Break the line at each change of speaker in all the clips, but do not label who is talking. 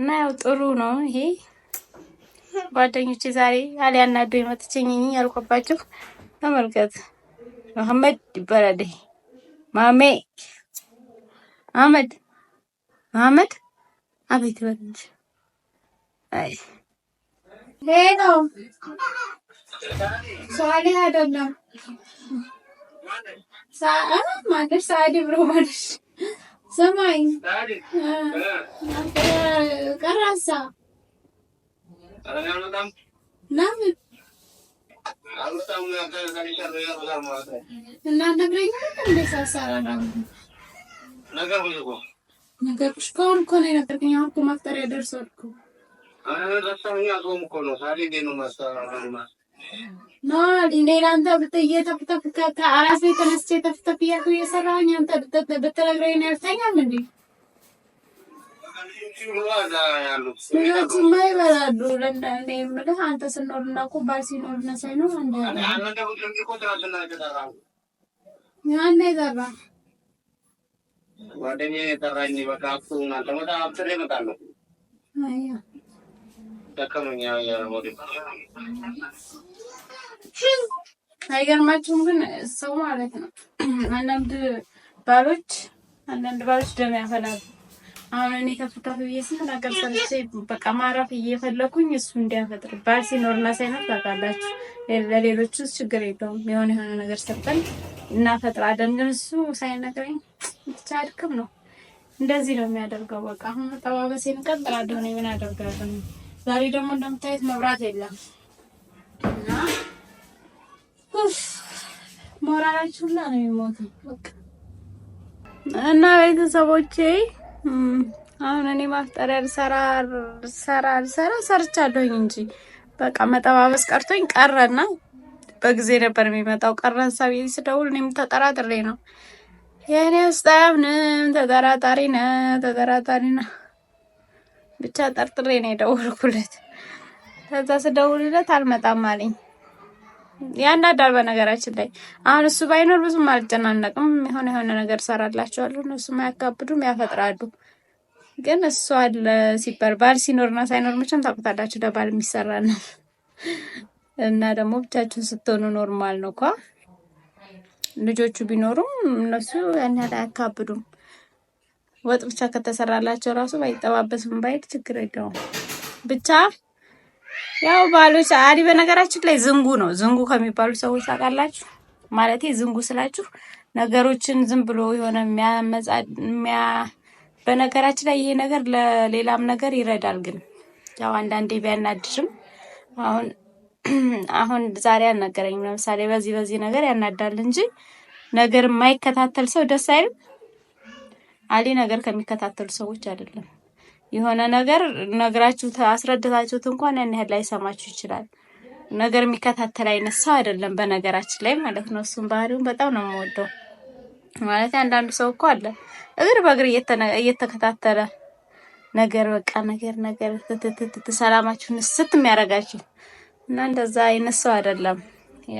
እና ያው ጥሩ ነው ይሄ ጓደኞቼ ዛሬ አልያናዱ የመጥችኝ ያልኳባችሁ ተመልከት። መሐመድ ይባላል። ማሜ አህመድ አህመድ አቤት በንጅ አይ ይሄ ነው ሳሊ አይደለም ሳአ ማነሽ ሳዲ ብሮ ማነሽ ሰማኝ ቀራሳ ለምን እና ነግረኝ ነገርኩሽ። ከአሁን እኮ ነው የነገርከኝ። አሁን እኮ መፍጠሪያ ደርሷል እኮ ማ ሌላ አንተ ብትየተፍተፍከተ አራሴ ተነስቼ ተፍተፍ እያልኩ እየሰራሁኝ አንተ ብትነግረኝ ነው ያልተኛል እንዴ? ልጆቹማ ይበላሉ። ለእንደ የምልህ አንተ ስኖርና እኮ ባል ሲኖርና ሳይኖር አንድ አንድ የጠራ
ጓደኛዬ የጠራኝ በቃ እሱ ናንተ ወደ ሀብት ላይ እመጣለሁ
አይገርማችሁም? ግን ሰው ማለት ነው። አንዳንድ ባሎች አንዳንድ ባሎች ደም ያፈላሉ። አሁን እኔ ከፍታፍ ብዬ ስናገር ሰርቼ በቃ ማረፍ እየፈለኩኝ እሱ እንዲያፈጥር ባል ሲኖርና ሳይኖር ታውቃላችሁ። ለሌሎቹ ችግር የለውም የሆነ የሆነ ነገር ሰርተን እናፈጥራለን። ግን እሱ ሳይነግረኝ ብቻ አድክም ነው። እንደዚህ ነው የሚያደርገው። በቃ አሁን መጠባበሴን ቀጥላለሁ። ምን አደርጋለሁ? ዛሬ ደግሞ እንደምታየት መብራት የለም እና ሞራላችሁ ሁላ ነው የሚሞተው። እና ቤተሰቦቼ አሁን እኔ ማፍጠሪያ ልሰራ ልሰራ ልሰራ ሰርቻለሁኝ እንጂ በቃ መጠባበስ ቀርቶኝ ቀረና በጊዜ ነበር የሚመጣው። ቀረን ሳቢ ስደውል እኔም ተጠራጥሬ ነው የእኔ ውስጥ ምንም ተጠራጣሪ ነ ተጠራጣሪ ነህ ብቻ ጠርጥሬ ነው የደወልኩለት። ከዛ ስደውልለት አልመጣም አለኝ። ያናዳል። በነገራችን ላይ አሁን እሱ ባይኖር ብዙም አልጨናነቅም። የሆነ የሆነ ነገር ሰራላቸዋለሁ። እነሱም አያካብዱም፣ ያፈጥራሉ። ግን እሱ አለ ሲባል ባል ሲኖርና ሳይኖር መቼም ታውቁታላችሁ፣ ለባል የሚሰራ ነው እና ደግሞ ብቻችሁን ስትሆኑ ኖርማል ነው እኳ ልጆቹ ቢኖሩም እነሱ ያን ያህል አያካብዱም። ወጥ ብቻ ከተሰራላቸው ራሱ ባይጠባበስም ባይድ ችግር የለውም። ብቻ ያው ባሎች አሊ በነገራችን ላይ ዝንጉ ነው። ዝንጉ ከሚባሉ ሰዎች ታውቃላችሁ። ማለት ዝንጉ ስላችሁ ነገሮችን ዝም ብሎ የሆነ የሚያ በነገራችን ላይ ይሄ ነገር ለሌላም ነገር ይረዳል። ግን ያው አንዳንዴ ቢያናድርም አሁን አሁን ዛሬ አልነገረኝም። ለምሳሌ በዚህ በዚህ ነገር ያናዳል እንጂ ነገር የማይከታተል ሰው ደስ አይልም። አሊ ነገር ከሚከታተሉ ሰዎች አይደለም። የሆነ ነገር ነግራችሁ አስረድታችሁት እንኳን ያን ያህል ላይሰማችሁ ይችላል። ነገር የሚከታተል አይነት ሰው አይደለም፣ በነገራችን ላይ ማለት ነው። እሱም ባህሪውን በጣም ነው የምወደው። ማለት አንዳንዱ ሰው እኮ አለ እግር በእግር እየተከታተለ ነገር በቃ ነገር ነገር ሰላማችሁን ስት የሚያደርጋችሁ እና እንደዛ አይነት ሰው አይደለም።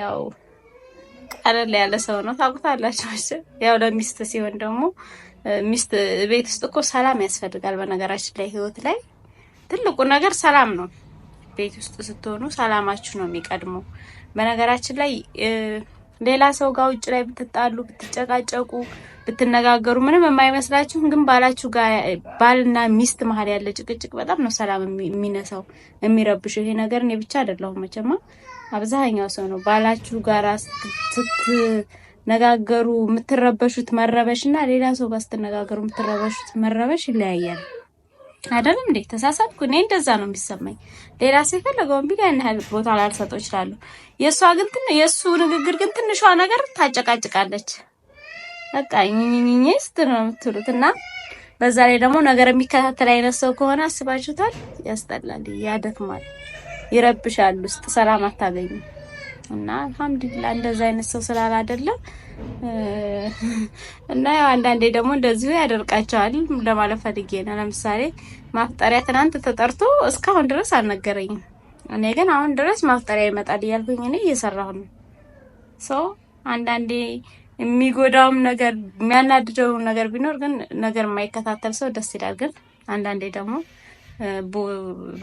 ያው ቀለል ያለ ሰው ነው። ታውቁታላችሁ። ያው ለሚስት ሲሆን ደግሞ ሚስት ቤት ውስጥ እኮ ሰላም ያስፈልጋል። በነገራችን ላይ ህይወት ላይ ትልቁ ነገር ሰላም ነው። ቤት ውስጥ ስትሆኑ ሰላማችሁ ነው የሚቀድመው። በነገራችን ላይ ሌላ ሰው ጋር ውጭ ላይ ብትጣሉ፣ ብትጨቃጨቁ፣ ብትነጋገሩ ምንም የማይመስላችሁም፣ ግን ባላችሁ ጋር ባልና ሚስት መሀል ያለ ጭቅጭቅ በጣም ነው ሰላም የሚነሳው የሚረብሸው። ይሄ ነገር እኔ ብቻ አይደለሁም መቼማ አብዛኛው ሰው ነው ባላችሁ ጋር ነጋገሩ የምትረበሹት መረበሽ እና ሌላ ሰው ስትነጋገሩ የምትረበሹት መረበሽ ይለያያል። አይደለም እንዴ? ተሳሳትኩ። እኔ እንደዛ ነው የሚሰማኝ። ሌላ ሰው የፈለገውን ቢል ያን ያህል ቦታ ላልሰጠው የሱ የእሷ ግን የእሱ ንግግር ግን ትንሿ ነገር ታጨቃጭቃለች። በቃ ኝኝኝኝ ስትል ነው የምትሉት እና በዛ ላይ ደግሞ ነገር የሚከታተል አይነት ሰው ከሆነ አስባችሁታል። ያስጠላል፣ ያደክማል፣ ይረብሻል። ውስጥ ሰላም አታገኙ። እና አልሐምዱሊላ እንደዛ አይነት ሰው አይደለም። እና ያው አንዳንዴ ደግሞ እንደዚሁ ያደርቃቸዋል ለማለት ፈልጌ ነው። ለምሳሌ ማፍጠሪያ ትናንት ተጠርቶ እስካሁን ድረስ አልነገረኝም። እኔ ግን አሁን ድረስ ማፍጠሪያ ይመጣል እያልኩኝ እኔ እየሰራሁ ነው። ሰው አንዳንዴ የሚጎዳውም ነገር የሚያናድደውም ነገር ቢኖር ግን ነገር የማይከታተል ሰው ደስ ይላል። ግን አንዳንዴ ደግሞ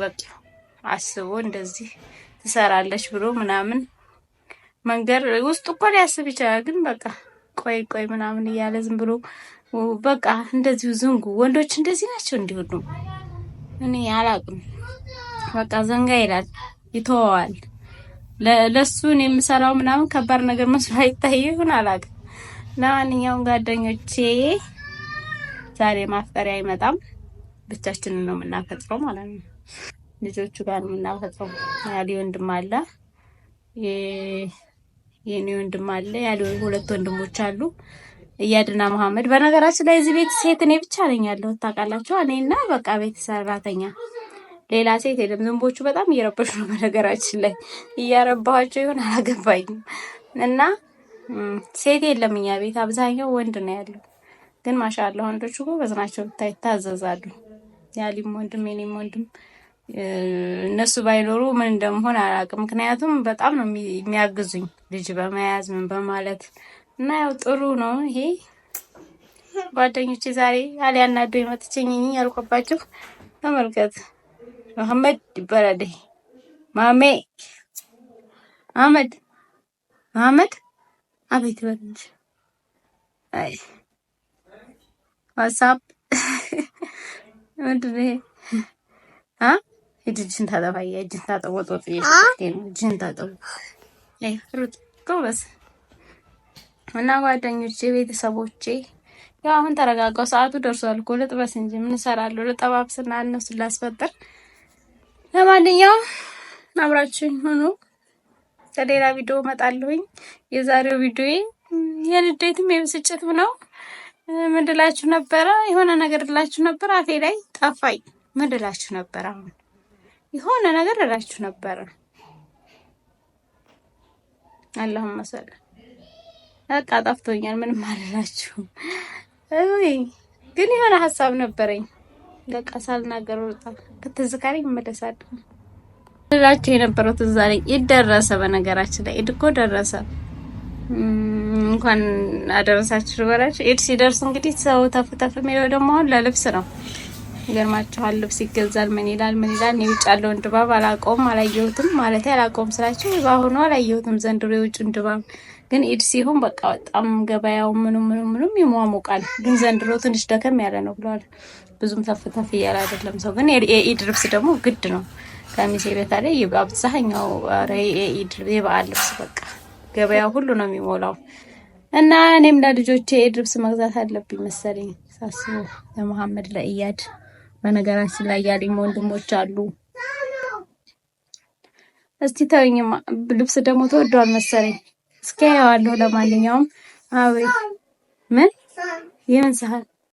በቃ አስቦ እንደዚህ ትሰራለች ብሎ ምናምን መንገድ ውስጡ እኮ ሊያስብ ይችላል። ግን በቃ ቆይ ቆይ ምናምን እያለ ዝም ብሎ በቃ እንደዚሁ ዝንጉ ወንዶች እንደዚህ ናቸው። እንዲሁሉ እኔ አላቅም። በቃ ዘንጋ ይላል፣ ይተወዋል። እኔ የምሰራው ምናምን ከባድ ነገር መስሎ አይታየ ይሁን አላቅም። ለማንኛውም ጓደኞቼ ዛሬ ማፍቀሪያ አይመጣም፣ ብቻችንን ነው የምናፈጥረው ማለት ነው። ልጆቹ ጋር ነው የምናፈጥረው። ያሊ ወንድም አለ የኔ ወንድም አለ ያለው ሁለት ወንድሞች አሉ። እያድና መሐመድ። በነገራችን ላይ እዚህ ቤት ሴት እኔ ብቻ ነኝ ያለው ታውቃላችሁ። እኔና በቃ ቤት ሰራተኛ ሌላ ሴት የለም። ዝንቦቹ በጣም እየረበሹ ነው። በነገራችን ላይ እያረባኋቸው ይሆን አላገባኝም። እና ሴት የለም እኛ ቤት አብዛኛው ወንድ ነው ያለው። ግን ማሻአላ ወንዶቹ ጎበዝ ናቸው፣ ይታዘዛሉ። ያሊም ወንድም የኔም ወንድም እነሱ ባይኖሩ ምን እንደምሆን አላውቅም። ምክንያቱም በጣም ነው የሚያግዙኝ ልጅ በመያዝ ምን በማለት እና ያው ጥሩ ነው ይሄ። ጓደኞቼ ዛሬ አሊያናዶ የመጥችኝ ያልቆባችሁ ተመልከት። መሐመድ ይባላል ማሜ አመድ መሐመድ አቤት በልጅ አይ ዋትሳፕ ምንድን ነው ይሄ? ሂድ እጅን ታጠባ፣ እጅን ታጠብ። ወጥ እጅን ታጠብ ሩት ጎበዝ። እና ጓደኞቼ፣ ቤተሰቦቼ ያው አሁን ተረጋጋው፣ ሰዓቱ ደርሷል እኮ ልጥበስ እንጂ ምን እሰራለሁ? ልጠባብስና እነሱ ላስፈጥር። ለማንኛውም አብራችሁኝ ሆኖ ከሌላ ቪዲዮ እመጣለሁኝ። የዛሬው ቪዲዮ የንዴትም የብስጭትም ነው። ምንድላችሁ ነበረ? የሆነ ነገር ድላችሁ ነበር፣ አፌ ላይ ጠፋኝ። ምንድላችሁ ነበረ አሁን የሆነ ነገር እላችሁ ነበረ። አላሁም መሰለ በቃ ጠፍቶኛል። ምንም አልላችሁም። እይ ግን የሆነ ሀሳብ ነበረኝ። በቃ ሳልናገር ወጣ። ከተዝካሪ ካለኝ እመለሳለሁ የነበረው ትዝ አለኝ። ኢድ ደረሰ። በነገራችን ላይ ኢድ እኮ ደረሰ። እንኳን አደረሳችሁ ልበላችሁ። ኢድ ሲደርስ እንግዲህ ሰው ተፍ ተፍ የሚለው ደግሞ አሁን ለልብስ ነው ገርማችኋል። ልብስ ይገዛል፣ ምን ይላል ምን ይላል። እኔ ውጭ ያለውን ድባብ አላውቀውም፣ አላየሁትም። ማለት አላውቀውም ስላቸው በአሁኑ አላየሁትም። ዘንድሮ የውጭን ድባብ ግን ኢድ ሲሆን በቃ በጣም ገበያው ምኑ ምኑ ምኑም ይሟሙቃል። ግን ዘንድሮ ትንሽ ደከም ያለ ነው ብለዋል። ብዙም ተፍ ተፍ እያለ አይደለም ሰው። ግን የኢድ ልብስ ደግሞ ግድ ነው። ከሚሴ ቤታ ላይ አብዛኛው የኢድ የበዓል ልብስ በቃ ገበያው ሁሉ ነው የሚሞላው። እና እኔም ለልጆቼ የኢድ ልብስ መግዛት አለብኝ መሰለኝ ሳስበው ለመሐመድ ለእያድ በነገራችን ላይ ያለኝ ወንድሞች አሉ። እስቲ ተውኝማ። ልብስ ደግሞ ተወዷል መሰለኝ። እስኪ አየዋለሁ። ለማንኛውም አቤት ምን የምን ሳህል